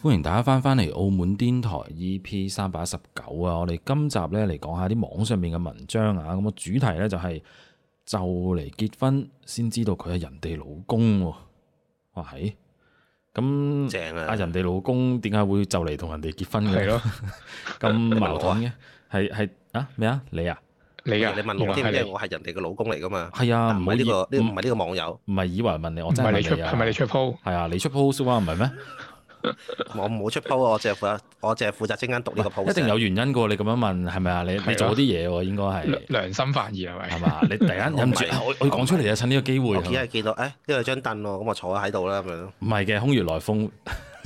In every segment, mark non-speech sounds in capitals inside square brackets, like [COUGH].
歡迎大家翻翻嚟澳門癲台 EP 三百一十九啊！我哋今集咧嚟講下啲網上面嘅文章啊！咁個主題咧就係就嚟結婚先知道佢係人哋老公，話係咁正啊！人哋老公點解會就嚟同人哋結婚嘅？係咯，咁矛盾嘅係係啊？咩啊？你啊？你啊？你問我啲咩？我係人哋嘅老公嚟噶嘛？係啊！唔係呢個呢，唔係呢個網友，唔係以為問你，我真係你啊？係咪你出 post？係啊！你出 post 啊？唔係咩？ [LAUGHS] 我唔好出鋪，我淨係負，我淨係負責中間讀呢個鋪。一定有原因噶，你咁樣問係咪啊？你你做啲嘢喎，應該係良心發現係咪？係嘛？ [LAUGHS] 你突然間忍唔住，我我講出嚟啊！趁呢個機會，我而家係見到誒，呢度有張凳喎，咁我坐喺度啦，咁樣。唔係嘅，空穴來風。 [LAUGHS]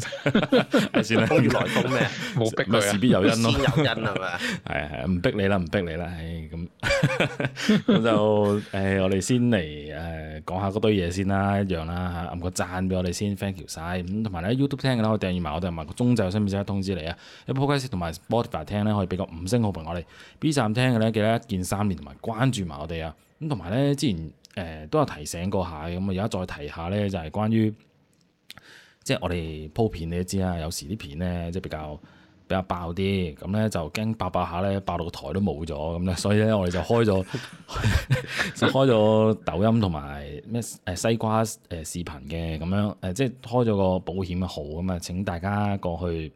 先啦，原來功咩？冇逼佢事必有因咯，啊， [LAUGHS] 先有因係咪啊？係係，唔逼你啦，唔逼你啦，唉咁， [LAUGHS] 就誒、欸，我哋先嚟誒講下嗰堆嘢先啦，一樣啦吓，撳個讚俾我哋先 Thank you，晒咁，同埋咧 YouTube 聽嘅咧可以訂閱埋我哋，同埋個中就收唔收得通知你啊！喺 Podcast 同埋 Spotify 聽咧可以俾個五星好評我哋，B 站聽嘅咧記得一鍵三連同埋關注埋我哋啊！咁同埋咧之前誒、呃、都有提醒過下嘅，咁啊而家再提下咧就係關於。即係我哋鋪片你都知啦，有時啲片咧即係比較比較爆啲，咁咧就驚爆爆下咧爆到個台都冇咗咁咧，所以咧我哋就開咗就 [LAUGHS] [LAUGHS] 開咗抖音同埋咩誒西瓜誒、呃、視頻嘅咁樣誒，即係開咗個保險嘅號咁啊！請大家過去。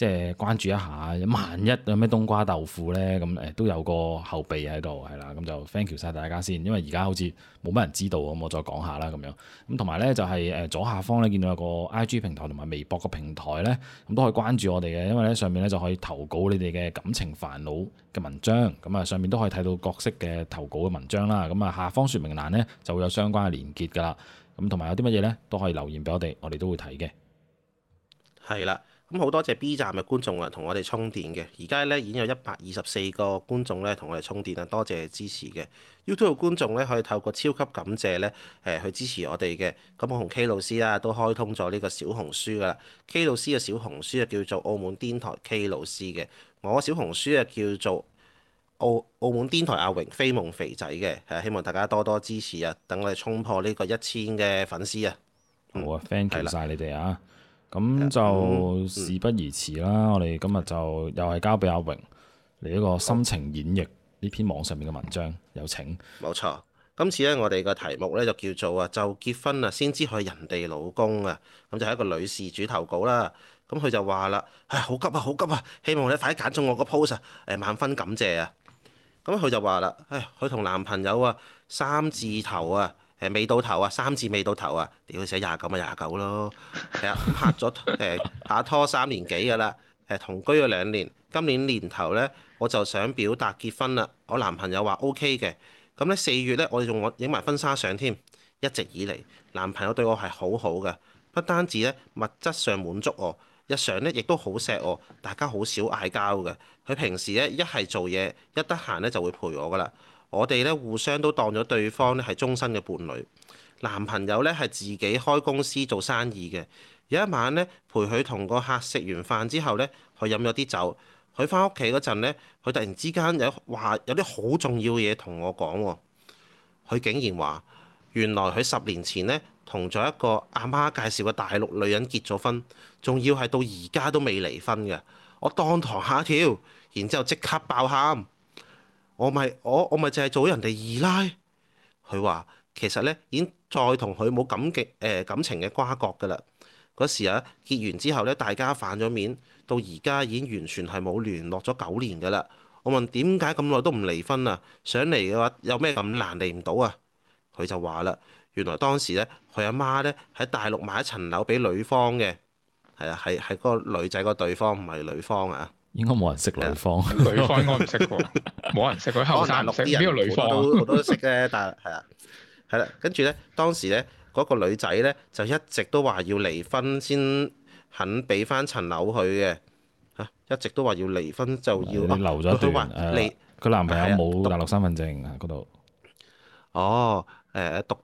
即係關注一下，萬一有咩冬瓜豆腐呢？咁誒都有個後備喺度，係啦，咁就 thank you 晒大家先，因為而家好似冇乜人知道咁，我再講下啦，咁樣咁同埋呢就係、是、誒左下方呢，見到有個 I G 平台同埋微博個平台呢，咁都可以關注我哋嘅，因為呢上面呢就可以投稿你哋嘅感情煩惱嘅文章，咁啊上面都可以睇到各式嘅投稿嘅文章啦，咁啊下方說明欄呢就會有相關嘅連結㗎啦，咁同埋有啲乜嘢呢都可以留言俾我哋，我哋都會睇嘅，係啦。咁好多謝 B 站嘅觀眾啊，同我哋充電嘅，而家咧已經有一百二十四個觀眾咧同我哋充電啊，多謝支持嘅。YouTube 觀眾咧可以透過超級感謝咧誒去支持我哋嘅。咁我同 K 老師啦都開通咗呢個小紅書噶啦，K 老師嘅小紅書啊叫做澳門癲台 K 老師嘅，我嘅小紅書啊叫做澳澳門癲台阿榮飛夢肥仔嘅，係希望大家多多支持啊，等我哋衝破呢個一千嘅粉絲啊。好啊，thank you 曬你哋啊！咁就事不宜遲啦，嗯、我哋今日就又係交俾阿榮嚟一個心情演繹呢、嗯、篇網上面嘅文章，有請。冇錯，今次咧我哋嘅題目咧就叫做啊，就結婚啊先知佢人哋老公啊，咁就係一個女事主投稿啦。咁佢就話啦，唉、哎，好急啊，好急啊，希望你快啲揀中我個 post，誒，萬分感謝啊。咁佢就話啦，唉、哎，佢同男朋友啊三字頭啊。誒未到頭啊，三字未到頭啊，屌寫廿九咪廿九咯，係啊 [LAUGHS] 拍咗誒拍拖三年幾噶啦，誒同居咗兩年，今年年頭咧我就想表達結婚啦，我男朋友話 OK 嘅，咁咧四月咧我哋仲我影埋婚紗相添，一直以嚟男朋友對我係好好嘅，不單止咧物質上滿足我，日常咧亦都好錫我，大家好少嗌交嘅，佢平時咧一係做嘢，一得閒咧就會陪我噶啦。我哋咧互相都當咗對方咧係終身嘅伴侶。男朋友咧係自己開公司做生意嘅。有一晚咧陪佢同個客食完飯之後咧，佢飲咗啲酒。佢翻屋企嗰陣咧，佢突然之間有話有啲好重要嘢同我講喎。佢竟然話原來佢十年前咧同咗一個阿媽介紹嘅大陸女人結咗婚，仲要係到而家都未離婚嘅。我當堂嚇一跳，然之後即刻爆喊。我咪我我咪淨係做人哋二奶。佢話其實呢，已經再同佢冇感激誒感情嘅瓜葛㗎啦。嗰時啊，結完之後呢，大家反咗面，到而家已經完全係冇聯絡咗九年㗎啦。我問點解咁耐都唔離婚啊？想離嘅話有咩咁難離唔到啊？佢就話啦，原來當時呢，佢阿媽呢喺大陸買一層樓俾女方嘅，係啊係係嗰個女仔個對方唔係女方啊。應該冇人識女方，女方應該唔識過，冇人識佢後大陸。邊個女方？都好多識嘅，但係係啦，係啦。跟住咧，當時咧，嗰個女仔咧就一直都話要離婚先肯俾翻層樓佢嘅吓，一直都話要離婚就要留咗一段誒，佢男朋友冇大陸身份證啊，嗰度。哦，誒讀。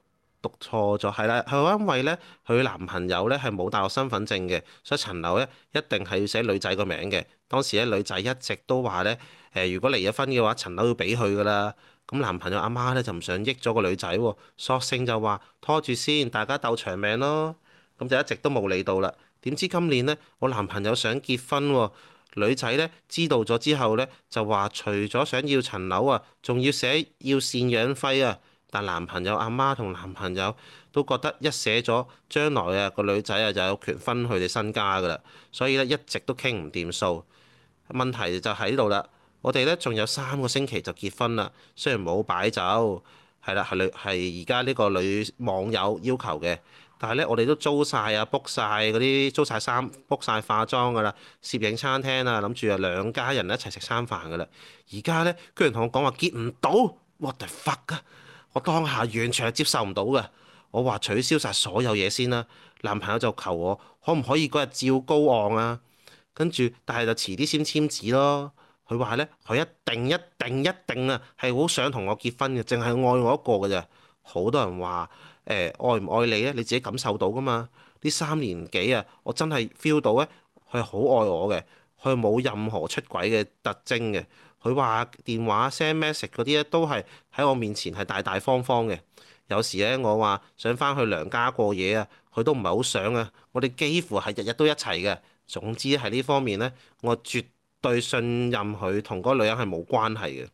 讀錯咗，係啦，係因為咧，佢男朋友咧係冇大陸身份證嘅，所以層樓咧一定係要寫女仔個名嘅。當時咧女仔一直都話咧，誒如果離咗婚嘅話，層樓要俾佢噶啦。咁男朋友阿媽咧就唔想益咗個女仔喎，索性就話拖住先，大家鬥長命咯。咁就一直都冇理到啦。點知今年咧，我男朋友想結婚喎，女仔咧知道咗之後咧，就話除咗想要層樓啊，仲要寫要贍養費啊。但男朋友阿媽同男朋友都覺得一寫咗將來啊，個女仔啊就有權分佢哋身家噶啦，所以咧一直都傾唔掂數。問題就喺度啦。我哋咧仲有三個星期就結婚啦，雖然冇擺酒，係啦係女係而家呢個女網友要求嘅，但係咧我哋都租晒啊，book 晒嗰啲租晒衫，book 晒化妝噶啦，攝影餐廳啊，諗住啊兩家人一齊食餐飯噶啦。而家咧居然同我講話結唔到，What the fuck 噶！我當下完全係接受唔到嘅，我話取消晒所有嘢先啦。男朋友就求我可唔可以嗰日照高昂啊？跟住，但係就遲啲先簽字咯。佢話呢，「佢一定一定一定啊，係好想同我結婚嘅，淨係愛我一個嘅咋。好多人話誒、欸、愛唔愛你咧，你自己感受到噶嘛？呢三年幾啊，我真係 feel 到咧，佢好愛我嘅，佢冇任何出軌嘅特徵嘅。佢話電話 send message 嗰啲咧都係喺我面前係大大方方嘅。有時咧，我話想翻去娘家過夜啊，佢都唔係好想啊。我哋幾乎係日日都一齊嘅。總之喺呢方面咧，我絕對信任佢同嗰女人係冇關係嘅。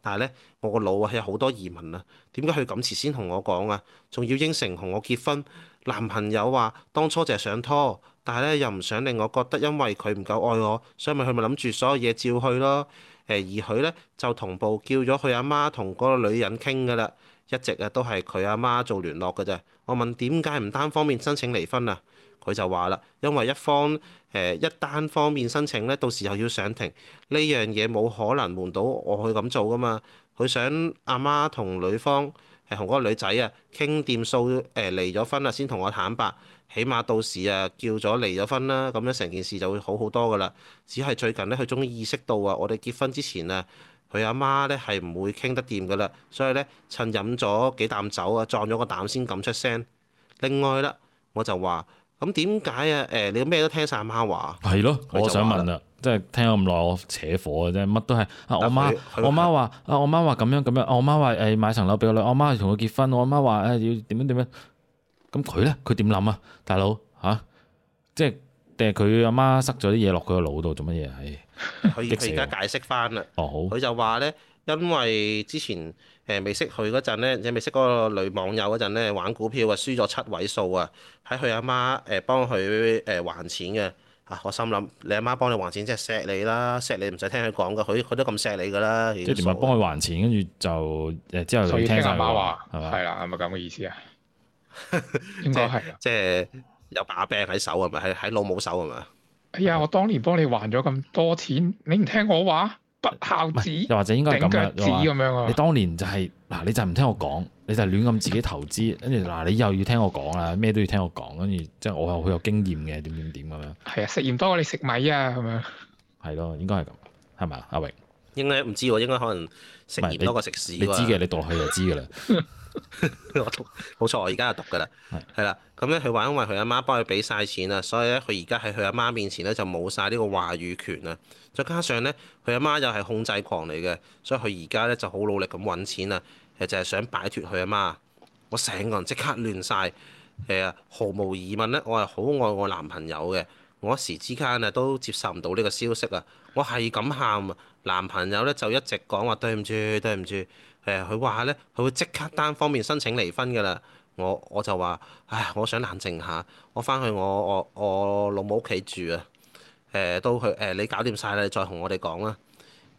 但係咧，我個腦啊，係有好多疑問啊。點解佢咁遲先同我講啊？仲要應承同我結婚？男朋友話當初就係想拖，但係咧又唔想令我覺得因為佢唔夠愛我，所以咪佢咪諗住所有嘢照去咯。誒而佢咧就同步叫咗佢阿媽同個女人傾噶啦，一直啊都係佢阿媽做聯絡噶咋。我問點解唔單方面申請離婚啊？佢就話啦，因為一方誒、呃、一單方面申請咧，到時候要上庭呢樣嘢冇可能瞞到我去咁做噶嘛。佢想阿媽同女方。同嗰個女仔啊傾掂數，誒、呃、離咗婚啦，先同我坦白，起碼到時啊叫咗離咗婚啦，咁樣成件事就會好好多噶啦。只係最近咧，佢終於意識到啊，我哋結婚之前啊，佢阿媽咧係唔會傾得掂噶啦，所以咧趁飲咗幾啖酒啊，撞咗個膽先敢出聲。另外啦，我就話。咁點解啊？誒、欸，你咩都聽晒阿媽話？係咯的，我想問啦，即係聽咗咁耐，我扯火嘅啫，乜都係啊！我媽，我媽話啊，我媽話咁樣咁樣、啊，我媽話誒買層樓俾我女，我媽同佢結婚，我媽話誒要點樣點樣。咁佢咧，佢點諗啊？大佬嚇，即係定係佢阿媽塞咗啲嘢落佢個腦度做乜嘢啊？佢佢而家解釋翻啦。哦好。佢就話咧，因為之前。誒未識佢嗰陣咧，你未識嗰個女網友嗰陣咧，玩股票啊，輸咗七位數啊，喺佢阿媽誒幫佢誒還錢嘅。啊，我心諗你阿媽，媽幫你還錢，即係錫你啦，錫你唔使聽佢講噶，佢佢都咁錫你噶啦。即係連埋幫佢還錢，跟住就誒、嗯、之後嚟聽下阿媽話。係啦吧，係咪咁嘅意思啊？ [LAUGHS] 即應該係。即係有把柄喺手啊？咪喺喺老母手啊？嘛。哎呀！吧我當年幫你還咗咁多錢，你唔聽我話？不孝子，又或者應該係咁樣，頂腳趾咁樣啊！你當年就係、是、嗱，你就唔聽我講，你就亂咁自己投資，跟住嗱，你又要聽我講啦，咩都要聽我講，跟住即係我又好有經驗嘅，點點點咁樣，怎樣。係啊，食鹽多過你食米啊，係咪啊？係咯，應該係咁，係咪啊，阿榮？應該唔知喎，應該可能食鹽多過食屎。你知嘅，你讀落去就知噶啦。 [LAUGHS] 我讀冇錯，我而家就讀噶啦，係啦，咁咧佢話因為佢阿媽幫佢俾晒錢啦，所以咧佢而家喺佢阿媽面前咧就冇晒呢個話語權啦，再加上咧佢阿媽又係控制狂嚟嘅，所以佢而家咧就好努力咁搵錢啦，係就係想擺脫佢阿媽。我成個人即刻亂晒，係啊，毫無疑問咧，我係好愛我男朋友嘅，我一時之間啊都接受唔到呢個消息啊，我係咁喊啊，男朋友咧就一直講話對唔住，對唔住。誒佢話咧，佢會即刻單方面申請離婚噶啦。我我就話，唉，我想冷靜下，我翻去我我我老母屋企住啊。誒到佢誒，你搞掂晒啦，你再同我哋講啦。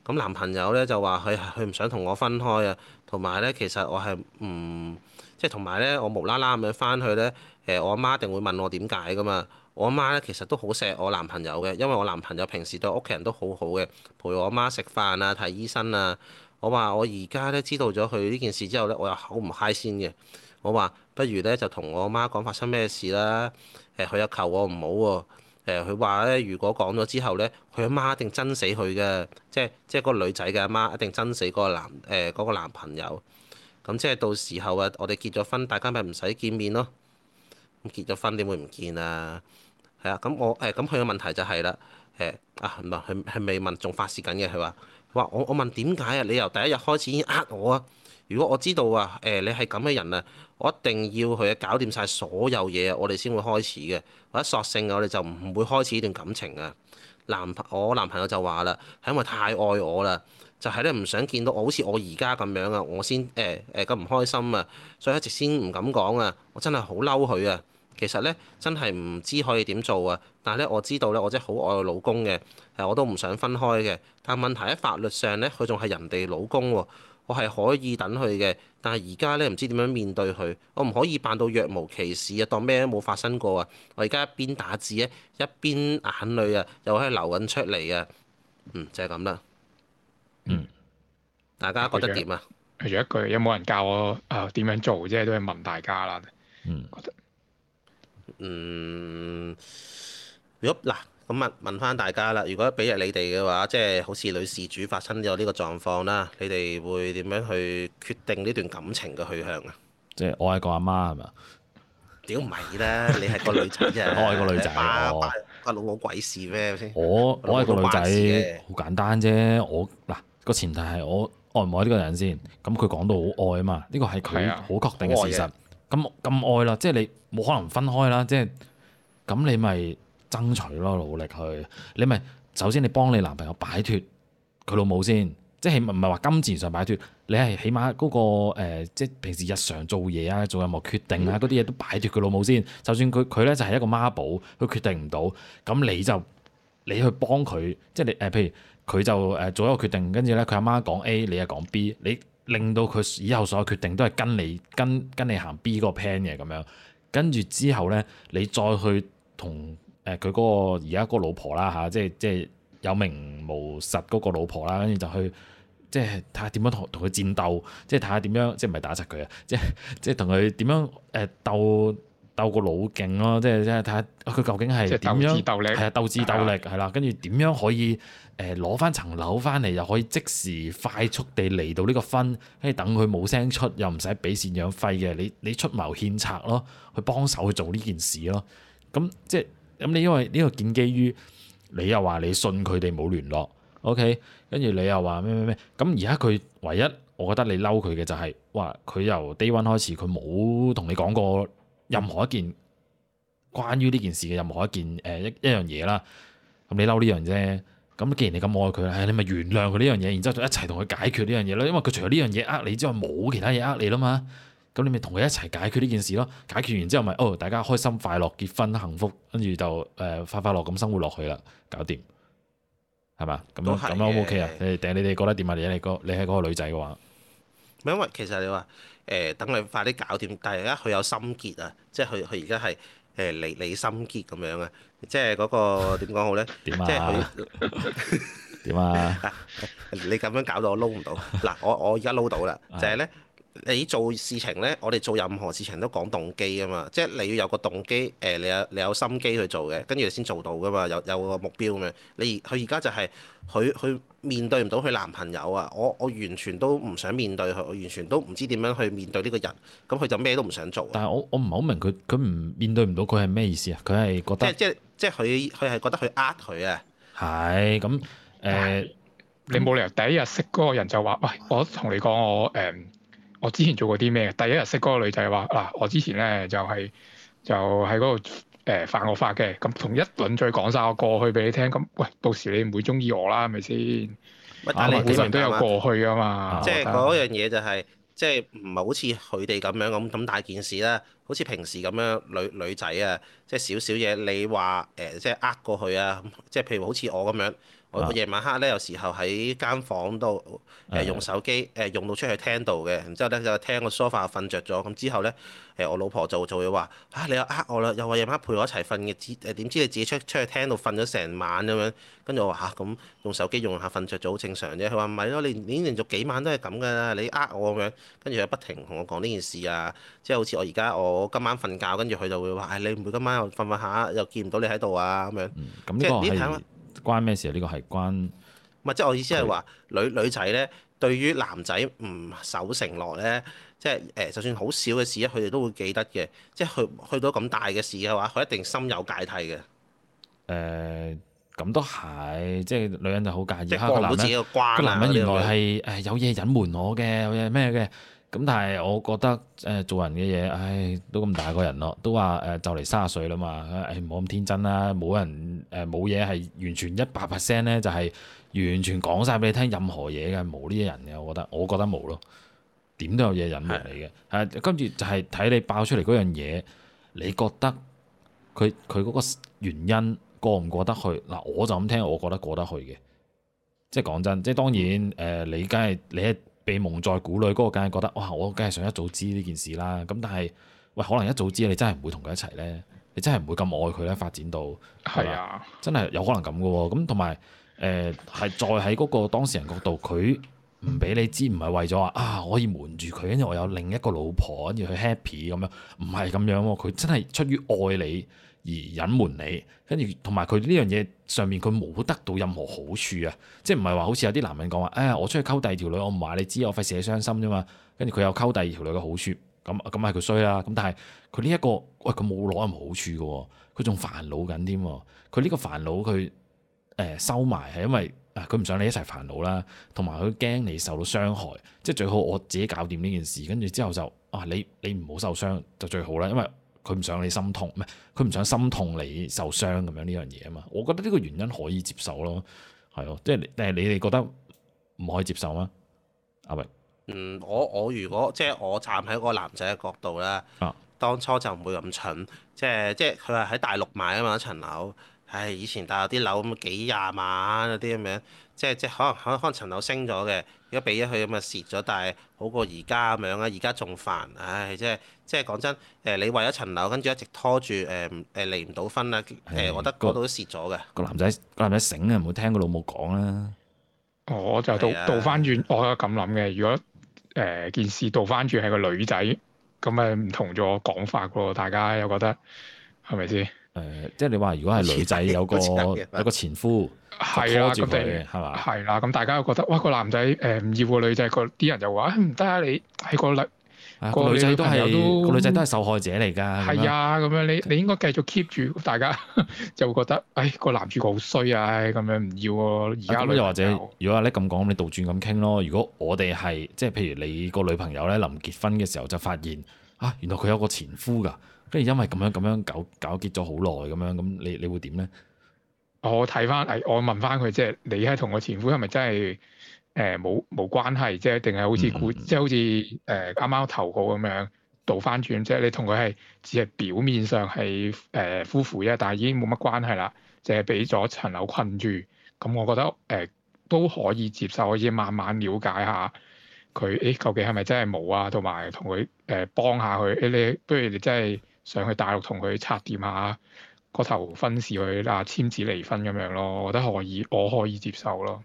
咁男朋友咧就話佢佢唔想同我分開啊，同埋咧其實我係唔即係同埋咧，我無啦啦咁樣翻去咧誒，我阿媽一定會問我點解噶嘛。我阿媽咧其實都好錫我男朋友嘅，因為我男朋友平時對屋企人都好好嘅，陪我阿媽食飯啊、睇醫生啊。我話我而家咧知道咗佢呢件事之後咧，我又好唔嗨先嘅。我話不如咧就同我媽講發生咩事啦。誒，佢又求我唔好喎。誒，佢話咧如果講咗之後咧，佢阿媽一定憎死佢嘅。即係即係嗰個女仔嘅阿媽一定憎死嗰個男誒嗰、呃那個、男朋友。咁即係到時候啊，我哋結咗婚，大家咪唔使見面咯。咁結咗婚點會唔見啊？係啊，咁我誒咁佢嘅問題就係、是、啦。誒、呃、啊唔係，係未問，仲發誓緊嘅，佢話。話我我問點解啊？你由第一日開始已經呃我啊！如果我知道啊，誒、欸、你係咁嘅人啊，我一定要去搞掂晒所有嘢，我哋先會開始嘅。或者索性我哋就唔唔會開始呢段感情啊。男朋我男朋友就話啦，係因為太愛我啦，就係咧唔想見到我好似我而家咁樣啊，我先誒誒咁唔開心啊，所以一直先唔敢講啊。我真係好嬲佢啊！其實咧真係唔知可以點做啊！但係咧我知道咧，我真係好愛我老公嘅，係我都唔想分開嘅。但係問題喺法律上咧，佢仲係人哋老公喎，啊，我係可以等佢嘅。但係而家咧唔知點樣面對佢，我唔可以扮到若無其事啊，當咩都冇發生過啊！我而家一邊打字咧，一邊眼淚啊又可以流緊出嚟啊！嗯，就係咁啦。嗯，大家覺得點啊？説一,一句，有冇人教我啊點、呃、樣做啫？都係問大家啦。嗯。嗯，如果嗱咁問問翻大家啦，如果俾日你哋嘅話，即係好似女事主發生咗呢個狀況啦，你哋會點樣去決定呢段感情嘅去向啊？即係我係個阿媽係咪啊？屌唔係啦，你係個女仔啫，我係個女仔，關我老母鬼事咩先？我我係個女仔，好簡單啫。我嗱個前提係我愛唔愛呢個人先。咁佢講到好愛啊嘛，呢個係佢好確定嘅事實。咁咁愛啦，即係你冇可能分開啦，即係咁你咪爭取咯，努力去。你咪首先你幫你男朋友擺脱佢老母先，即係起碼唔係話金錢上擺脱，你係起碼嗰、那個、呃、即係平時日常做嘢啊、做任何決定啊嗰啲嘢都擺脱佢老母先。就算佢佢咧就係、是、一個媽寶，佢決定唔到，咁你就你去幫佢，即係你誒、呃，譬如佢就誒做一個決定，跟住咧佢阿媽講 A，你又講 B，你。令到佢以後所有決定都係跟你跟跟你行 B 嗰個 plan 嘅咁樣，跟住之後咧，你再去同誒佢嗰個而家個老婆啦嚇、啊，即係即係有名無實嗰個老婆啦、啊，跟住就去即係睇下點樣同同佢戰鬥，即係睇下點樣，即係唔係打實佢啊，即係即係同佢點樣誒、呃、鬥。鬥個腦勁咯，即係即係睇下佢究竟係點樣，係啊，鬥智鬥力係啦。跟住點樣可以誒攞翻層樓翻嚟，又可以即時快速地嚟到呢個分，跟住等佢冇聲出，又唔使俾贍養費嘅。你你出謀獻策咯，去幫手去做呢件事咯。咁即係咁你，因為呢個建基於你又話你信佢哋冇聯絡，OK？跟住你又話咩咩咩咁，而家佢唯一我覺得你嬲佢嘅就係嘩，佢由 day one 開始佢冇同你講過。任何一件關於呢件事嘅任何一件誒、呃、一一樣嘢啦，咁你嬲呢樣啫。咁既然你咁愛佢，係、哎、你咪原諒佢呢樣嘢，然之後就一齊同佢解決呢樣嘢啦。因為佢除咗呢樣嘢呃你之外，冇其他嘢呃你啦嘛。咁你咪同佢一齊解決呢件事咯。解決完之後，就是，咪哦，大家開心快樂結婚幸福，跟住就誒、呃、快快樂咁生活落去啦，搞掂係嘛？咁咁啦，O OK 啊？你哋定你哋覺得點啊？如果你個你係嗰個女仔嘅話。因為其實你話誒、呃、等佢快啲搞掂，但係而家佢有心結啊，即係佢佢而家係誒理理心結咁樣啊，即係嗰、嗰個點講好咧？點啊？ [LAUGHS] 即係佢點啊？你咁樣搞到我撈唔 [LAUGHS] 到，嗱我我而家撈到啦，就係咧。你做事情呢，我哋做任何事情都講動機啊嘛，即係你要有個動機，誒、呃，你有你有心機去做嘅，跟住你先做到噶嘛，有有個目標咁樣。你佢而家就係佢佢面對唔到佢男朋友啊，我我完全都唔想面對佢，我完全都唔知點樣去面對呢個人。咁佢就咩都唔想做啊。但係我我唔係好明佢佢唔面對唔到佢係咩意思啊？佢係覺得即係佢佢係覺得佢呃佢啊。係咁誒，呃、你冇理由第一日識嗰個人就話，喂，我同你講我誒。嗯我之前做過啲咩？第一日識嗰個女仔話：嗱、啊，我之前咧就係、是、就喺嗰度呃，犯過法嘅。咁同一輪再講晒，我過去俾你聽。咁、嗯、喂，到時你唔會中意我啦，係咪先？啊，但你 每個人都有過去啊嘛。即係嗰樣嘢就係、是，即係唔係好似佢哋咁樣咁咁大件事啦。好似平時咁樣女女仔啊，即係少少嘢，你話誒、呃、即係呃過佢啊，即係譬如好似我咁樣，我夜晚黑咧有時候喺間房度誒用手機誒、呃、用到出去廳度嘅，然之後咧就聽個沙發瞓着咗，咁之後咧誒、呃、我老婆就就會話嚇、啊、你又呃我啦，又話夜晚黑陪我一齊瞓嘅，知點知你自己出出去廳度瞓咗成晚咁樣，跟住我話嚇咁用手機用下瞓着咗好正常啫，佢話唔係咯，你你連，連續幾晚都係咁噶啦，你呃我咁樣，跟住又不停同我講呢件事啊，即係好似我而家我。我今晚瞓覺，跟住佢就會話，唉、哎，你唔會今晚又瞓瞓下，又見唔到你喺度啊？咁樣，嗯。嗯，咁呢個係關咩事啊？呢、呢個係關，唔係即係我意思係話他女女仔咧，對於男仔唔守承諾咧，即係誒、呃，就算好少嘅事，佢哋都會記得嘅。即係去去到咁大嘅事嘅話，佢一定心有芥蒂嘅。誒、呃，咁都係，即係女人就好介意。即係關唔到自己嘅關啊！男人原來係誒有嘢隱瞞我嘅，有嘢咩嘅？哎咁但係我覺得誒、呃、做人嘅嘢，唉都咁大個人咯，都話誒就嚟卅歲啦嘛，唔好咁天真啦，冇人誒冇嘢係完全一百 percent 咧，就係、是、完全講晒俾你聽任何嘢嘅冇呢啲人嘅，我覺得我覺得冇咯，點都有嘢隱藏你嘅，誒跟住就係睇你爆出嚟嗰樣嘢，你覺得佢佢嗰個原因過唔過得去嗱、呃？我就咁聽，我覺得過得去嘅，即係講真，即係當然誒、呃，你梗係你。你被蒙在鼓裏，嗰、那個梗係覺得哇！我梗係想一早知呢件事啦。咁但係喂，可能一早知你真係唔會同佢一齊呢，你真係唔會咁愛佢呢。發展到係啊，真係有可能咁嘅喎。咁同埋誒係再喺嗰個當事人角度，佢唔俾你知，唔係為咗話啊，我可以瞞住佢，跟住我有另一個老婆，跟住去 happy 咁樣，唔係咁樣喎。佢真係出於愛你。而隱瞞你，跟住同埋佢呢樣嘢上面佢冇得到任何好處啊！即係唔係話好似有啲男人講話，哎我出去溝第二條女，我唔話你知，我費事你傷心啫嘛。跟住佢有溝第二條女嘅好處，咁咁係佢衰啦。咁但係佢呢一個喂，佢冇攞任何好處嘅，佢仲煩惱緊添。佢呢個煩惱佢誒收埋係因為啊佢唔想你一齊煩惱啦，同埋佢驚你受到傷害，即係最好我自己搞掂呢件事，跟住之後就啊你你唔好受傷就最好啦，因為。佢唔想你心痛，唔係佢唔想心痛你受傷咁樣呢樣嘢啊嘛，我覺得呢個原因可以接受咯，係咯，即係但係你哋覺得唔可以接受嗎？阿榮，嗯，我我如果即係我站喺個男仔嘅角度咧，啊，當初就唔會咁蠢，即係即係佢係喺大陸買啊嘛一層樓，唉，以前大陸啲樓咁幾廿萬嗰啲咁樣，即係即係可能可能可能層樓升咗嘅，如果俾咗佢咁啊蝕咗，但係好過而家咁樣啊，而家仲煩，唉，即係。即係講真，誒你為咗層樓，跟住一直拖住，誒、呃、誒、呃、離唔到婚啦，誒、呃、我覺得嗰度都蝕咗嘅。個男仔，個男仔醒啊，唔好聽個老母講啦。我就倒倒翻轉，我有咁諗嘅。如果誒、呃、件事倒翻轉係個女仔，咁誒唔同咗講法噶喎，大家又覺得係咪先？誒、呃，即係你話如果係女仔 [LAUGHS] 有個有個前夫，係啦，咁係嘛？係啦，咁、啊、大家又覺得哇，個男仔誒唔要個女仔，啲人就話唔得啊，你喺個啊、個女仔都係個女仔都係受害者嚟噶，係啊，咁樣你你應該繼續 keep 住， [LAUGHS] 大家就會覺得，哎，個男主角好衰啊，咁樣唔要咯。而家又或者，如果阿叻咁講，你倒轉咁傾咯。如果我哋係即係，譬如你個女朋友咧，臨結婚嘅時候就發現啊，原來佢有個前夫噶，跟住因為咁樣咁樣搞搞結咗好耐，咁樣咁你你會點咧？我睇翻，誒，我問翻佢，即係你係同我前夫係咪真係？誒冇冇關係啫，定係好似古，即係好似誒啱啱投稿咁樣倒翻轉啫。即你同佢係只係表面上係誒、呃、夫婦啫，但係已經冇乜關係啦，淨係俾咗層樓困住。咁、嗯、我覺得誒、呃、都可以接受，可以慢慢了解下佢。誒、欸，究竟係咪真係冇啊？同埋同佢誒幫下佢、欸。你不如你真係上去大陸同佢拆掂下嗰頭婚事去啊，簽紙離婚咁樣咯。我覺得可以，我可以，我可以接受咯。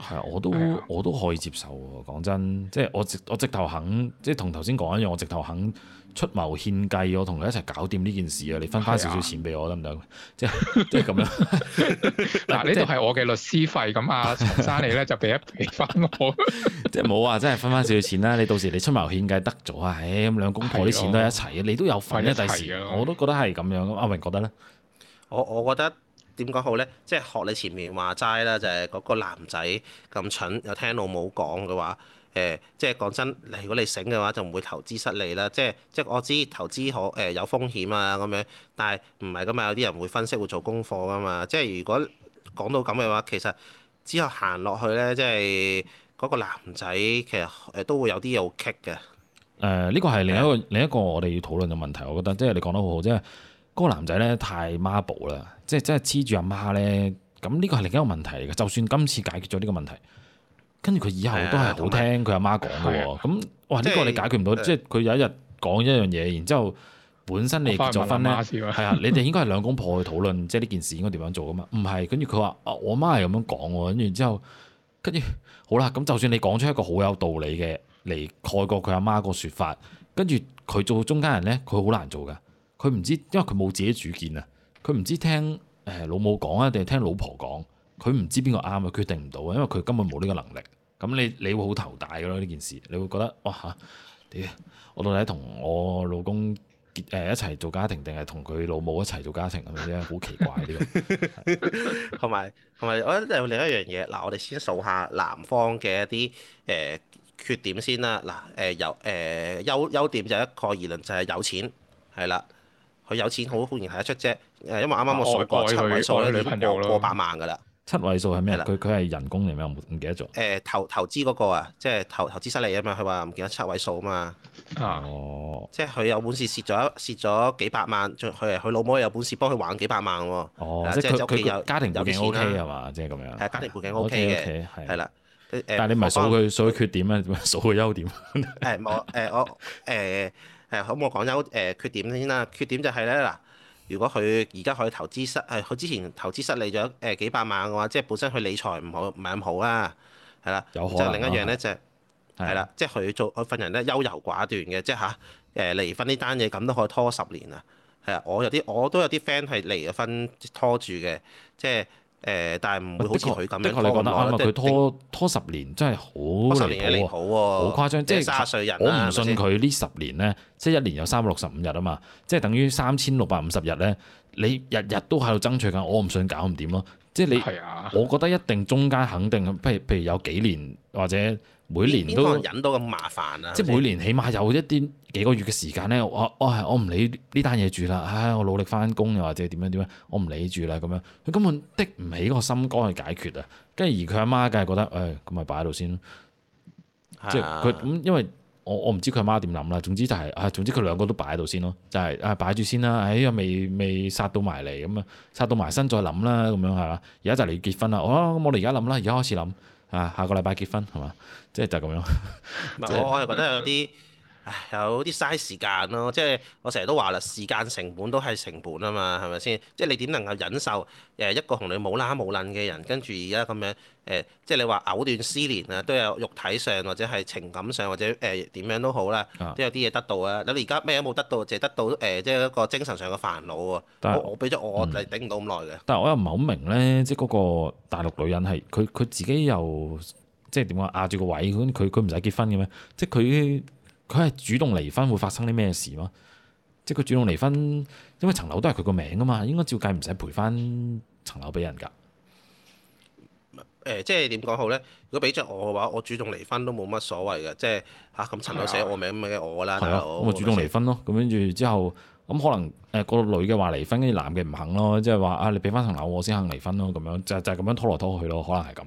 係啊，我都我都可以接受喎。講真，即係我直我直頭肯，即係同頭先講一樣，我直頭肯出謀獻計，我同佢一齊搞掂呢件事啊！你分翻少少錢俾我得唔得？即係即係咁樣。嗱，呢度係我嘅律師費，咁啊。陳生你咧就俾一俾翻我。即係冇話真係分翻少少錢啦。你到時你出謀獻計得咗啊？誒，咁兩公婆啲錢都係一齊嘅，你都有份嘅。第時我都覺得係咁樣。阿榮覺得咧？我我覺得。點講好咧？即係學你前面話齋啦，就係嗰個男仔咁蠢，又聽老母講嘅話。誒，即係講真，如果你醒嘅話，就唔會投資失利啦。即係即係我知投資可，誒有風險啊咁樣，但係唔係噶嘛？有啲人會分析，會做功課噶嘛。即係如果講到咁嘅話，其實之後行落去咧，即係嗰個男仔其實誒都會有啲有棘嘅。誒，呢個係另一個另一個我哋要討論嘅問題。我覺得即係你講得好好，即係。嗰個男仔咧太媽寶啦，即係真係黐住阿媽咧。咁呢個係另一個問題嚟嘅。就算今次解決咗呢個問題，跟住佢以後都係好聽佢阿媽講嘅喎。咁哇，呢、呢個你解決唔到。的即係佢有一日講一樣嘢，然之後本身你結咗婚啦，係啊， [LAUGHS] 你哋應該係兩公婆去討論，即係呢件事應該點、啊、樣做噶嘛？唔係，跟住佢話我媽係咁樣講喎。跟住之後，跟住好啦，咁就算你講出一個好有道理嘅嚟蓋過佢阿媽個説法，跟住佢做中間人咧，佢好難做噶。佢唔知，因為佢冇自己主見啊！佢唔知聽誒老母講啊，定係聽老婆講？佢唔知邊個啱啊！決定唔到啊，因為佢根本冇呢個能力。咁你你會好頭大㗎囉！呢件事，你會覺得哇嚇，我到底同我老公結、呃、一齊做家庭，定係同佢老母一齊做家庭啊？咁樣好奇怪呢。同埋同埋，我覺得另一樣嘢。嗱，我哋先數下男方嘅一啲誒、呃、缺點先啦。嗱誒有誒優優點就一概而論就係、是、有錢，係啦。佢有錢，好歡迎，睇得出啫，因為啱啱我數過七位數女朋友過百萬噶啦。七位數係咩啦？佢佢係人工嚟咩？我唔唔記得咗。誒投投資嗰個啊，即係投投資失利啊嘛，佢話唔見得七位數啊嘛。哦。即係佢有本事蝕咗蝕咗幾百萬，佢老母有本事幫佢還幾百萬喎。即係佢有家庭背景 O K 係嘛，即係咁樣。係家庭背景 O K 嘅，係啦。但係你唔係數佢數佢缺點啊？數佢優點。誒我誒我誒。誒，咁、嗯、我講優誒缺點先啦、呃。缺點就係咧，嗱，如果佢而家可以投資失，誒，佢之前投資失利咗誒、呃、幾百萬嘅話，即係本身佢理財唔好，唔係咁好啦。係啦，有就另一樣咧就係，係啦的，即係佢做佢份人咧，優柔寡斷嘅，即係嚇誒離婚呢單嘢，咁都可以拖十年啊。係啊，我有啲我都有啲 friend 係離咗婚拖住嘅，即係。誒，但係唔會好似佢咁樣拖拖十年，真係好離譜喎！好誇張，即係卅歲人啦，我唔信佢呢十年咧， [NOISE] 即係一年有三百六十五日啊嘛，即係等於三千六百五十日咧，你日日都喺度爭取緊，我唔信搞唔掂咯！即係你，係啊，我覺得一定中間肯定，譬如譬如有幾年或者。每年都忍到咁麻煩啊！即係每年起碼有一啲幾個月嘅時間咧，我我係我唔理呢單嘢住啦。唉，我努力翻工又或者點樣點樣，我唔理住啦咁樣。佢根本的唔起個心肝去解決啊。跟住而佢阿媽梗係覺得，誒咁咪擺喺度先咯。即係佢咁，是啊、因為我我唔知佢阿媽點諗啦。總之就係、是、啊，總之佢兩個都擺喺度先咯。就係、是、啊，擺住先啦。唉，又未未殺到埋嚟咁啊，殺到埋身再諗啦。咁樣係嘛？而家就嚟結婚啦。啊、我咁我哋而家諗啦，而家開始諗。啊，下個禮拜結婚係嘛？即係就係咁樣。 [LAUGHS] 就係啊、我我係覺得有啲，有啲嘥時間咯，即係我成日都話啦，時間成本都係成本啊嘛，係咪先？即係你點能夠忍受誒一個同你冇啦冇論嘅人，跟住而家咁樣誒，即係你話藕斷絲連啊，都有肉體上或者係情感上或者誒點樣都好啦，都有啲嘢得到啊。你而家咩都冇得到，淨係、啊、得到誒、呃，即係一個精神上嘅煩惱喎是。我俾咗我，你頂唔到咁耐嘅。但係我又唔係好明咧，即係嗰個大陸女人係佢佢自己又即係點話壓住個位咁，佢佢唔使結婚嘅咩？即係佢。佢係主動離婚會發生啲咩事咯？即係佢主動離婚，因為層樓都係佢個名啊嘛，應該照計唔使賠翻層樓俾人㗎。誒、呃，即係點講好咧？如果俾咗我嘅話，我主動離婚都冇乜所謂嘅。即係吓，咁、啊、層樓寫我、啊、名咪我啦，咁我、啊、我主動離婚咯。咁跟住之後，咁、嗯、可能誒個、呃、女嘅話離婚，跟住男嘅唔肯咯，即係話啊你俾翻層樓我先肯離婚咯，咁樣就係、就咁、是、樣拖來拖去咯，可能係咁。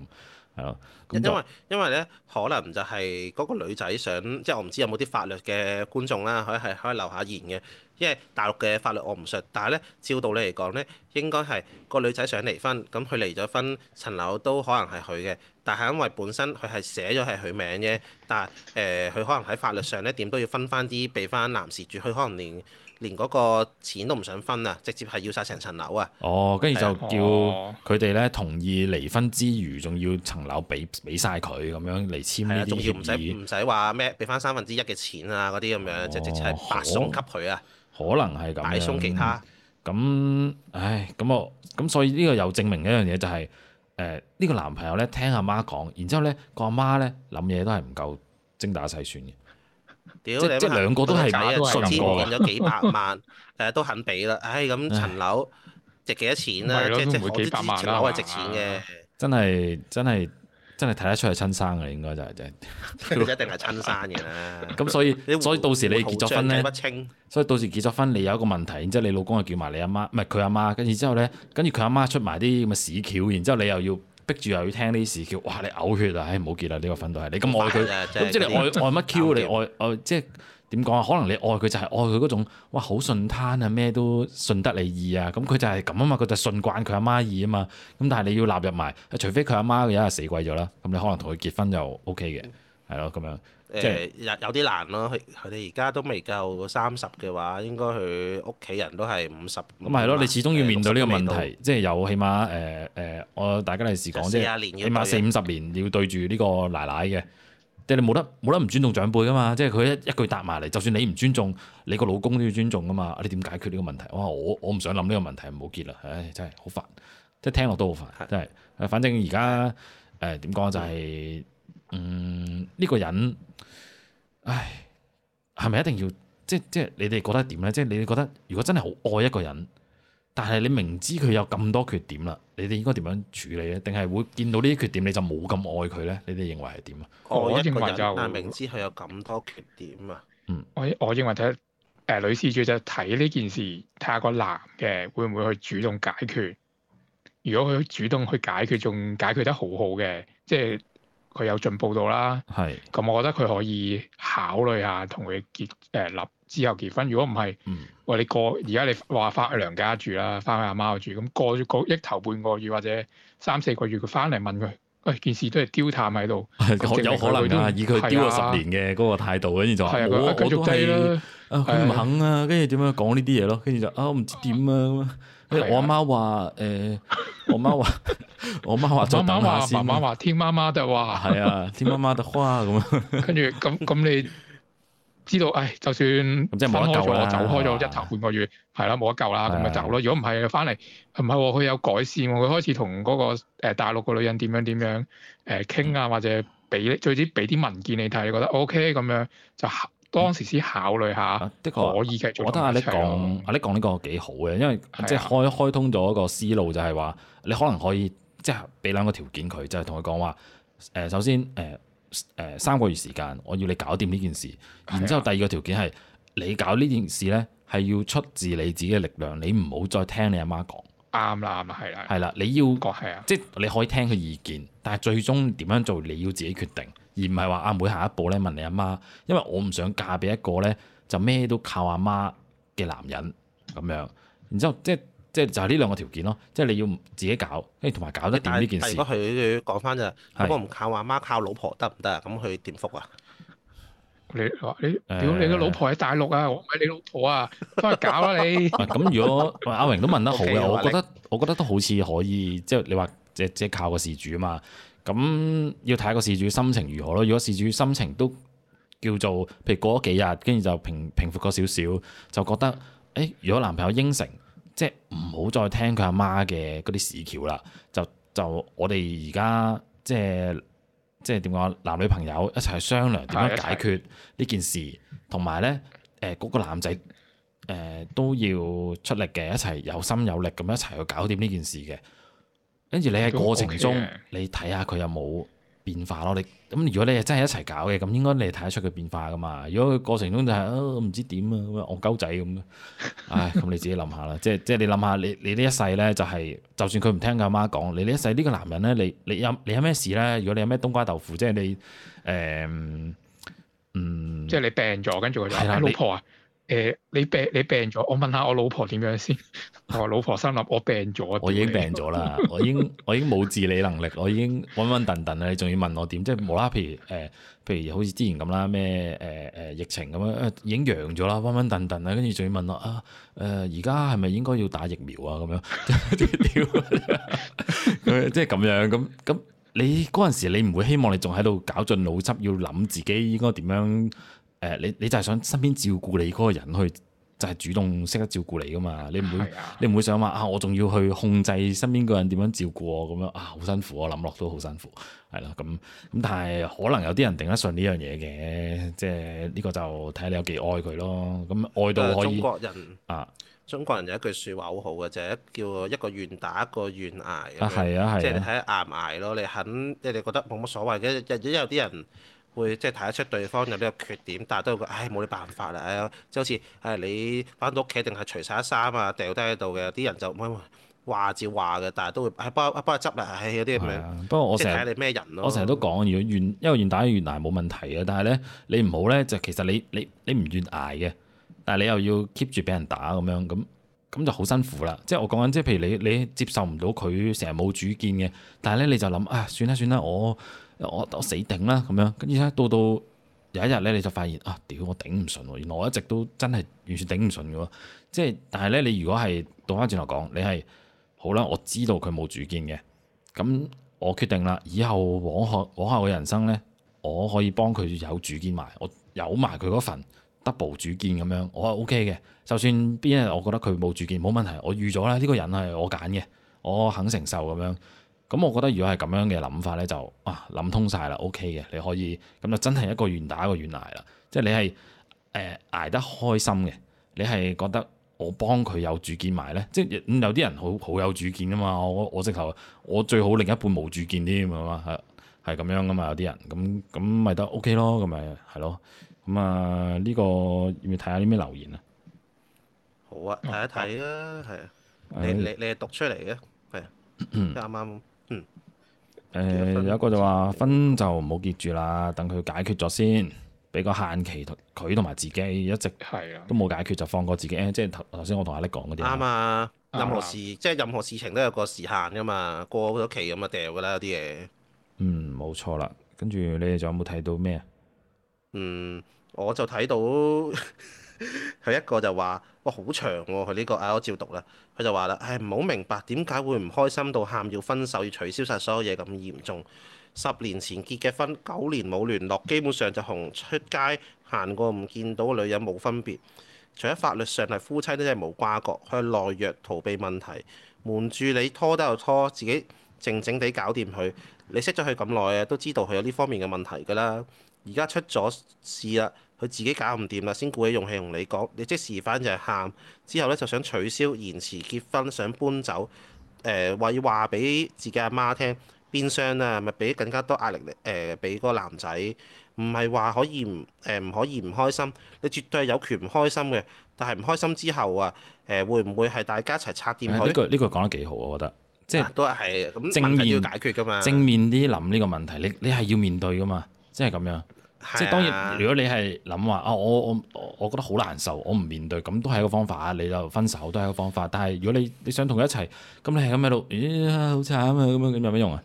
係因為因為咧，可能就係嗰個女仔想，即係我唔知有冇啲法律嘅觀眾啦，可以係可以留下言嘅。因為大陸嘅法律我唔熟，但係咧照道理嚟講咧，應該係個女仔想離婚，咁佢離咗婚，層樓都可能係佢嘅，但係因為本身佢係寫咗係佢名啫，但係誒佢可能喺法律上咧點都要分翻啲俾翻男事主，佢可能連。連嗰個錢都唔想分啊，直接係要晒成層樓啊！哦，跟住就叫佢哋咧同意離婚之餘，仲、啊、要層樓俾俾曬佢咁樣嚟簽呢仲要唔使唔使話咩？俾翻三分之一嘅錢啊，嗰啲咁樣，哦、直直直接係白送給佢啊！可能係咁啊，白送其他。咁唉，咁我咁所以呢個又證明一樣嘢就係、是，誒、呃、呢、呢個男朋友咧聽阿媽講，然之後咧個阿媽咧諗嘢都係唔夠精打細算嘅。屌你想想即，即係兩個都係買啊，瞬間印咗幾百萬，誒都、， [LAUGHS] 呃、都肯俾啦，哎、唉咁層樓值多呢幾多錢啦？即係即係，我都知層樓係值錢嘅。真係真係真係睇得出係親生嘅，應該就係就係一定係親生嘅啦。咁 [LAUGHS] 所以所以到時你結咗婚咧，所以到時結咗婚你有一個問題，然之後你老公又叫埋你阿媽，唔係佢阿媽，跟住之後咧，跟住佢阿媽出埋啲咁嘅屎橋，然之後，後，後你又要。逼住又要聽呢啲事，叫哇你嘔血啊！唉唔好結啦，呢個憤怒係你咁愛佢，都唔知你愛些愛乜 Q？你愛愛 [LAUGHS] 即係點講啊？可能你愛佢就係、是、愛佢嗰種，哇好順攤啊，咩都順得你意啊！咁佢就係咁啊嘛，佢就順慣佢阿媽意啊嘛。咁但係你要納入埋，除非佢阿媽有一日死鬼咗啦，咁你可能同佢結婚就 OK 嘅，係咯，咁樣。誒、即係、有有啲難咯，佢佢哋而家都未夠三十嘅話，應該佢屋企人都係五十。咁咪係咯，你始終要面對呢個問題，即係有起碼誒誒、呃呃，我大家嚟時講即起碼四五十年你要對住呢個奶奶嘅，嗯、即係你冇得冇得唔尊重長輩噶嘛？即係佢一一句答埋嚟，就算你唔尊重，你個老公都要尊重噶嘛？你點解決呢個問題？哇！我我唔想諗呢個問題，唔好結啦，唉，真係好煩，即係聽落都好煩，真係。反正而家誒點講就係、是嗯嗯，嗯，呢、嗯嗯嗯嗯嗯這個人。唉，係咪一定要？即即係你哋覺得點咧？即係你哋覺得，如果真係好愛一個人，但係你明知佢有咁多缺點啦，你哋應該點樣處理咧？定係會見到呢啲缺點你就冇咁愛佢咧？你哋認為係點啊？愛一個人，但明知佢有咁多缺點啊！嗯，我我認為睇，誒、呃，女事主就睇呢件事，睇下個男嘅會唔會去主動解決。如果佢主動去解決，仲解決得好好嘅，即係。佢有進步到啦，係，咁我覺得佢可以考慮下同佢結誒立之後結婚。如果唔係，我你過而家你話翻去娘家住啦，翻去阿媽度住，咁過咗個一頭半個月或者三四個月，佢翻嚟問佢，喂，件事都係丟淡喺度，係有可能、啊、以佢丟咗十年嘅嗰個態度，跟住就話佢 [LAUGHS] mon k、啊、我都係佢唔肯啊，跟住點樣講呢啲嘢咯，跟住就啊，我唔知點啊。 [LAUGHS] 我阿媽話，誒、欸，我媽話， [LAUGHS] 我媽話， [LAUGHS] 我媽媽話，說媽媽話，聽媽媽的話，係 [LAUGHS] 啊，聽媽媽的話咁。跟住咁咁，你知道，唉，就算即係冇得救啦，開了走開咗一頭半個月，係啦，冇得救啦，咁咪走咯。如果唔係，翻嚟係唔係？佢有改善，佢開始同嗰、那個誒、呃、大陸個女人點樣點樣誒傾、呃、啊，或者俾最至俾啲文件你睇，你覺得 OK 咁樣就。當時先考慮下、嗯，的確可以繼續。我覺得阿你講，嗯、阿你講呢個幾好嘅，因為即係開、啊、開通咗一個思路就，就係話你可能可以即係俾兩個條件佢，就係同佢講話誒，首先誒誒、呃、三個月時間，我要你搞掂呢件事。啊、然之後第二個條件係你搞呢件事咧，係要出自你自己嘅力量，你唔好再聽你阿媽講。啱啦，啱啦，係啦、啊，你要，係啊，即係你可以聽佢意見，但係最終點樣做，你要自己決定。而唔係話阿妹下一步咧問你阿媽，媽，因為我唔想嫁俾一個咧就咩都靠阿媽嘅男人咁樣。然之後即即就係、是、呢、就是、兩個條件咯，即、就、係、是、你要自己搞，跟住同埋搞得掂呢件事。但係如果佢講翻就係，如果唔靠阿媽，媽，靠老婆得唔得啊？咁佢點覆啊？你你屌、欸、你個老婆喺大陸啊，我唔係你老婆啊，翻去搞啦你。咁， [LAUGHS] [LAUGHS] 如果阿榮都問得好嘅，okay，我，我覺得我覺得都好似可以，即係你話即即靠個事主啊嘛。咁要睇下個事主心情如何咯。如果事主心情都叫做，譬如過咗幾日，跟住就平平復咗少少，就覺得，誒、欸，如果男朋友應承，即係唔好再聽佢阿媽嘅嗰啲屎橋啦，就就我哋而家即係即係點講，男女朋友一齊去商量點對樣解決呢件事，同埋咧，誒嗰、呃那個男仔誒、呃、都要出力嘅，一齊有心有力咁一齊去搞掂呢件事嘅。跟住你喺過程中，啊、你睇下佢有冇變化咯。你咁如果你係真係一齊搞嘅，咁應該你睇得出佢變化噶嘛。如果佢過程中就係、是、唔、哦、知點啊，惡鳩仔咁，唉、哎，咁你自己諗下啦。即係即係你諗下，你你呢一世咧就係、是，就算佢唔聽佢阿媽講，你呢一世呢個男人咧，你你有你有咩事咧？如果你有咩冬瓜豆腐，即係你誒、呃、嗯，即係你病咗，跟住就的你老婆啊。誒、呃，你病你病咗，我問下我老婆點樣先。我老婆心諗我病咗，我已經病咗啦，我已經我已經冇自理能力，我已經暈暈沌沌啦，你仲要問我點？即係無啦，譬如誒，呃、譬如好似之前咁啦，咩誒誒疫情咁樣，已經陽咗啦，暈暈沌沌啦，跟住仲要問我啊，誒而家係咪應該要打疫苗啊？咁樣即係咁樣咁咁， [LAUGHS] [LAUGHS] 你嗰陣時你唔會希望你仲喺度絞盡腦汁要諗自己應該點樣？誒你你就係想身邊照顧你嗰個人去，就係、是、主動識得照顧你噶嘛？你唔會、啊、你唔會想話啊，我仲要去控制身邊個人點樣照顧我咁樣啊，好辛苦啊，諗落都好辛苦，係啦咁咁，但係可能有啲人頂得順呢樣嘢嘅，即係呢、這個就睇下你有幾愛佢咯。咁愛到可以。中國人啊，中國人有一句説話好好嘅，就係叫一個願打一個願挨。啊，係啊，係、啊。即係你睇下捱唔捱咯？你肯，即你哋覺得冇乜所謂嘅。日有啲人。會即係睇得出對方有咩缺點，但係都會唉冇啲辦法啦，唉即係好似誒你翻到屋企定係除晒啲衫啊，掉低喺度嘅啲人就咁話住話嘅，但係都會幫幫佢執啦，唉有啲咁樣。不過我成日睇你咩人囉，我成日都講，如果願因為願打願挨冇問題嘅，但係咧你唔好咧就其實你你你唔願挨嘅，但係你又要 keep 住俾人打咁樣咁。咁就好辛苦啦，即係我講緊，即係譬如你你接受唔到佢成日冇主見嘅，但係咧你就諗啊，算啦算啦，我我我死頂啦咁樣，跟住咧到到有一日咧你就發現啊，屌我頂唔順喎，原來我一直都真係完全頂唔順嘅喎，即係，但係咧你如果係倒翻轉頭講，你係好啦，我知道佢冇主見嘅，咁我決定啦，以後往後往後嘅人生咧，我可以幫佢有主見埋，我有埋佢嗰份。得抱主見咁樣，我係 O K 嘅。就算邊日我覺得佢冇主見，冇問題，我預咗啦。呢、呢個人係我揀嘅，我肯承受咁樣。咁我覺得如果係咁樣嘅諗法咧，就啊諗通晒啦，O K 嘅，你可以咁就真係一個願打一個願挨啦。即係你係誒捱得開心嘅，你係覺得我幫佢有主見埋咧，即係有啲人好好有主見噶嘛。我我直頭，我最好另一半冇主見添啊嘛，係係咁樣噶嘛。有啲人咁咁咪得 O K 咯，咁咪係咯。咁啊，呢、嗯這個要唔要睇下啲咩留言啊？好啊，睇一睇啦，係啊，啊啊你你你係讀出嚟嘅，係、啊，即啱啱。嗯。誒、呃，有一個就話分就唔好結住啦，等佢解決咗先，俾個限期佢，同埋自己一直、啊、都冇解決就放過自己，即係頭頭先我同阿力講嗰啲。啱啊，任何事、啊、即係任何事情都有個時限噶嘛，過咗期咁啊掉噶啦啲嘢。有嗯，冇錯啦。跟住你哋仲有冇睇到咩啊？嗯，我就睇到佢一個就話，哇好長喎、啊，佢呢、呢個，啊我照讀啦。佢就話啦，唉，唔好明白點解會唔開心到喊要分手，要取消晒所有嘢咁嚴重。十年前結嘅婚，九年冇聯絡，基本上就同出街行過唔見到女人冇分別。除咗法律上係夫妻，都真係冇瓜葛。佢懦弱逃避問題，瞞住你拖得又拖，自己靜靜地搞掂佢。你識咗佢咁耐啊，都知道佢有呢方面嘅問題㗎啦。而家出咗事啦，佢自己搞唔掂啦，先鼓起勇氣同你講，你即時翻嚟就係喊，之後咧，就想取消延遲結婚，想搬走，誒、呃、話要話俾自己阿媽聽，變相啊咪俾更加多壓力誒、俾、呃、個男仔，唔係話可以唔誒唔可以唔開心，你絕對係有權唔開心嘅，但係唔開心之後啊，誒、呃、會唔會係大家一齊拆掂？呢句呢句講得幾好，我覺得，即係都係咁正面、啊、要解決噶嘛。正，正面啲諗呢個問題，你你係要面對噶嘛。即係咁樣，啊、即係當然。如果你係諗話啊，我我我覺得好難受，我唔面對，咁都係一個方法啊。你就分手都係一個方法。但係如果你你想同佢一齊，咁你係咁喺度，咦，好慘啊！咁樣你有咩用啊？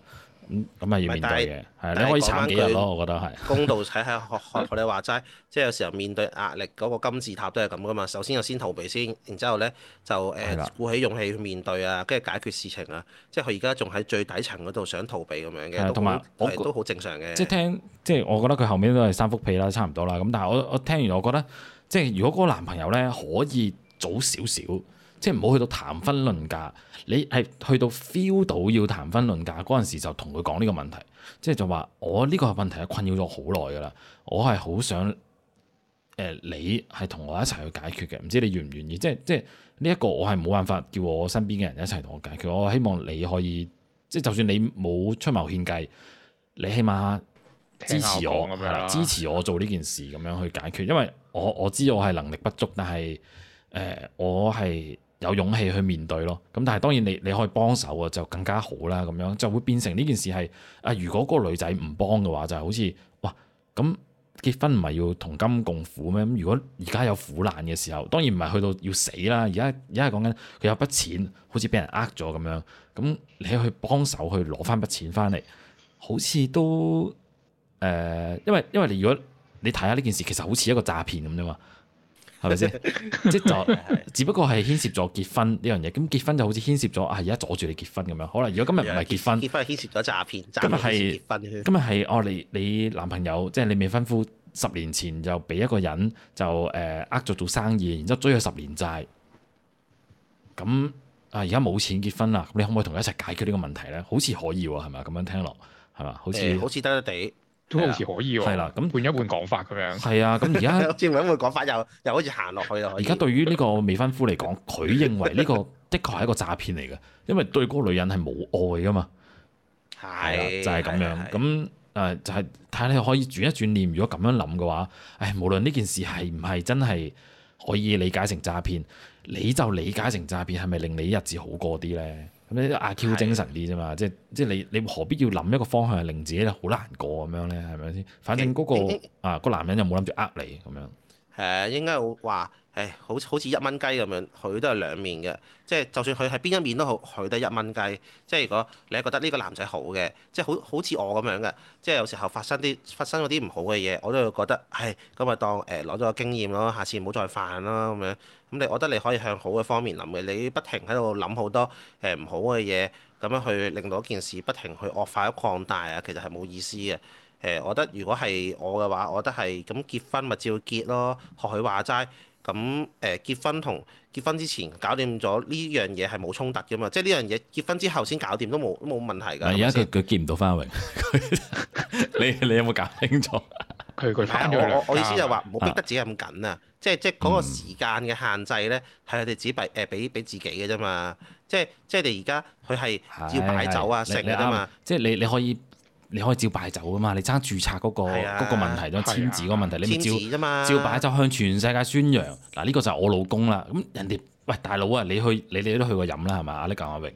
咁咁要面對嘅，係你可以慘啲咯，我覺得係。公道睇下學學你話齋，即係有時候面對壓力嗰個金字塔都係咁噶嘛。首先又先逃避先，然之後咧就誒鼓起勇氣去面對啊，跟住解決事情啊。即係佢而家仲喺最底層嗰度想逃避咁樣嘅，同埋我哋都好正常嘅。即係聽，即係我覺得佢後面都係三幅被啦，差唔多啦。咁但係我我聽完，我覺得即係如果嗰個男朋友咧可以早少少。即係唔好去到談婚論嫁，你係去到 feel 到要談婚論嫁嗰陣時，就同佢講呢個問題，即係就話我呢個問題係困擾咗好耐㗎啦，我係好想誒、呃、你係同我一齊去解決嘅，唔知你願唔願意？即係即係呢一個我係冇辦法叫我身邊嘅人一齊同我解決，我希望你可以即係就算你冇出謀獻計，你起碼支持我，支持我做呢件事咁樣去解決，因為我我知我係能力不足，但係誒、呃、我係。有勇氣去面對咯，咁但係當然你你可以幫手啊，就更加好啦咁樣，就會變成呢件事係啊，如果嗰個女仔唔幫嘅話，就好似哇咁結婚唔係要同甘共苦咩？咁如果而家有苦難嘅時候，當然唔係去到要死啦，而家而家係講緊佢有筆錢好似俾人呃咗咁樣，咁你去幫手去攞翻筆錢翻嚟，好似都誒、呃，因為因為你如果你睇下呢件事，其實好似一個詐騙咁啫嘛。係咪先？ [LAUGHS] [LAUGHS] 即係就，只不過係牽涉咗結婚呢樣嘢。咁結婚就好似牽涉咗啊，而家阻住你結婚咁樣。好啦，如果今日唔係結婚，結婚牽涉咗詐騙。今日係結婚，今日係哦，你你男朋友即係你未婚夫，十年前就俾一個人就誒呃咗做生意，然之後追佢十年債。咁啊，而家冇錢結婚啦。咁你可唔可以同佢一齊解決呢個問題咧？好似可以啊，係咪啊？咁樣聽落係嘛，好似，欸，好似得得地。都好似可以喎，係啦的，咁換一換講法咁樣。係啊，咁而家志偉嘅講法又又好似行落去咯。而家 [LAUGHS] 對於呢個未婚夫嚟講，佢 [LAUGHS] 認為呢個的確係一個詐騙嚟嘅，因為對嗰個女人係冇愛噶嘛。係啦，就係咁樣。咁誒，就係睇下你可以轉一轉念。如果咁樣諗嘅話，誒、哎，無論呢件事係唔係真係可以理解成詐騙，你就理解成詐騙，係咪令你日子好過啲咧？咁你阿 Q 精神啲啫嘛，的即係即係你你何必要諗一個方向係令自己咧好難過咁樣咧？係咪先？反正嗰個 [LAUGHS] 啊個男人又冇諗住呃你咁樣。誒，應該話。誒，好好似一蚊雞咁樣，佢都係兩面嘅，即係就算佢係邊一面都好，佢都係一蚊雞。即係如果你係覺得呢個男仔好嘅，即係好好似我咁樣嘅，即係有時候發生啲發生嗰啲唔好嘅嘢，我都會覺得唉，咁啊，當誒攞咗個經驗咯，下次唔好再犯啦咁樣。咁你我覺得你可以向好嘅方面諗嘅，你不停喺度諗好多誒唔好嘅嘢，咁樣去令到件事不停去惡化、擴大啊，其實係冇意思嘅。誒，我覺得如果係我嘅話，我覺得係咁結婚咪照結咯，學佢話齋。咁誒結婚同結婚之前搞掂咗呢樣嘢係冇衝突㗎嘛，即係呢樣嘢結婚之後先搞掂都冇冇問題㗎。而家佢佢見唔到花榮，你你有冇搞清楚？佢佢我我，我意思就話唔好逼得自己咁緊啊，即係即係嗰個時間嘅限制咧，係佢哋自己畀誒俾俾自己嘅啫嘛，即係即係你而家佢係要擺酒啊食㗎啫嘛，即係你你可以。你可以照擺酒噶嘛？你爭註冊嗰個嗰、啊、個問題，咁、啊、簽字嗰個問題，你咪照照擺酒向全世界宣揚嗱？呢、這個就係我老公啦。咁人哋喂大佬啊，你去你哋都去過飲啦係咪？阿力格阿榮，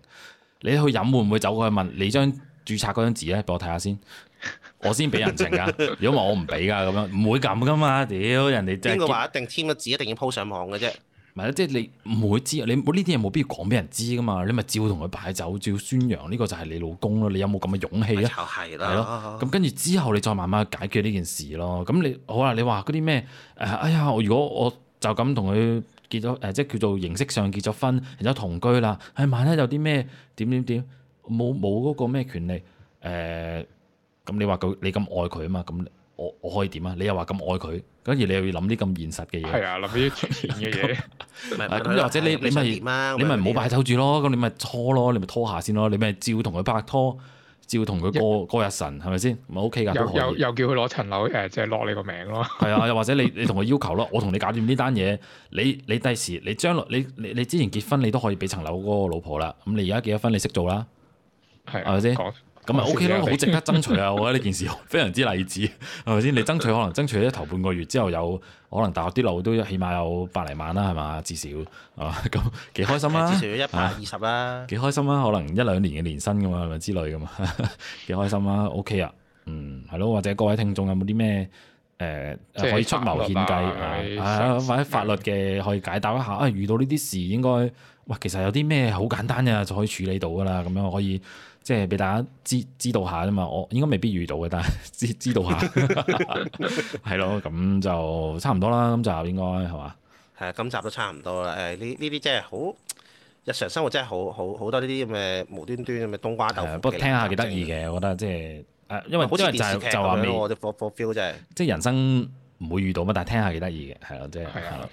你去飲會唔會走過去問你張註冊嗰張紙咧？俾我睇下先，我先俾人情㗎。如果話我唔俾㗎咁樣，唔會咁噶嘛？屌人哋邊個話一定簽咗字一定要鋪上網嘅啫？咪啦，即係你唔會知啊，你冇呢啲嘢冇必要講俾人知噶嘛，你咪照同佢擺酒，照宣揚呢、這個就係你老公咯，你有冇咁嘅勇氣啊？係咯。咁跟住之後你再慢慢解決呢件事咯。咁你好啦、啊，你話嗰啲咩誒？哎呀，如果我就咁同佢結咗誒、呃，即係叫做形式上結咗婚，然之後同居啦。哎，萬一有啲咩點點點，冇冇嗰個咩權利？誒、呃，咁你話佢你咁愛佢啊嘛？咁。我我可以點啊？你又話咁愛佢，跟住你又要諗啲咁現實嘅嘢。係啊，諗啲現實嘅嘢。咁、 [LAUGHS] 嗯啊、或者你、嗯、你咪、啊、你咪唔好擺手住咯，咁你咪拖咯，啊、你咪拖下先咯、啊、咯，你咪照同佢拍拖，照同佢過過日神係咪先？咪 OK 㗎，又又叫佢攞層樓誒，即係落你個名咯。係 [LAUGHS] 啊，又或者你你同佢要求咯，我同你搞掂呢單嘢，你你第時你將來你將你你之前結婚你都可以俾層樓嗰個老婆啦。咁你而家結咗婚，你識做啦，係咪先？咁咪 OK 啦，好值得爭取啊！ [LAUGHS] 我覺得呢件事非常之勵志。係咪先？你爭取可能爭取一頭半個月之後有，有可能大學啲路都起碼有百嚟萬啦，係嘛？至少啊，咁幾開心啊！至少一百二十啦，幾開心啊！可能一兩年嘅年薪咁嘛，係咪之類咁嘛？幾開心啊！OK 啊，嗯，係咯，或者各位聽眾有冇啲咩誒可以出謀獻計或者法律嘅可以解答一下啊？遇到呢啲事應該，哇，其實有啲咩好簡單嘅就可以處理到噶啦，咁樣可以。即係俾大家知知道下啫嘛，我應該未必遇到嘅，但係知知道下，係咯， [LAUGHS] [LAUGHS] 咁就差唔多啦，咁就應該係嘛？係啊，今集都差唔多啦。誒，呢呢啲即係好日常生活，真係好好好多呢啲咁嘅無端端咁嘅冬瓜豆腐，不過聽下幾得意嘅，嗯、我覺得即係誒，嗯、因為因為就係、好就話未我 ful ful 即人生。唔會遇到乜，但係聽下係幾得意嘅，係咯，即係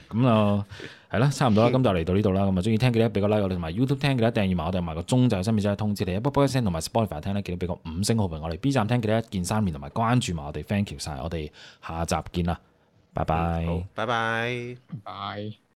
咁啊，係咯，差唔多啦，咁就嚟到呢度啦。咁啊，鍾意聽記得俾個 like 我哋，同埋 YouTube 聽記得訂閱埋我哋，埋個鐘就有新片之後通知你。不過一聲同埋 Spotify 聽咧，記得俾 [MUSIC] 個五星好評我哋。B 站聽記得一鍵三連同埋關注埋我哋 Thank you 晒， [MUSIC] 我哋下集見啦，拜拜，拜拜，拜。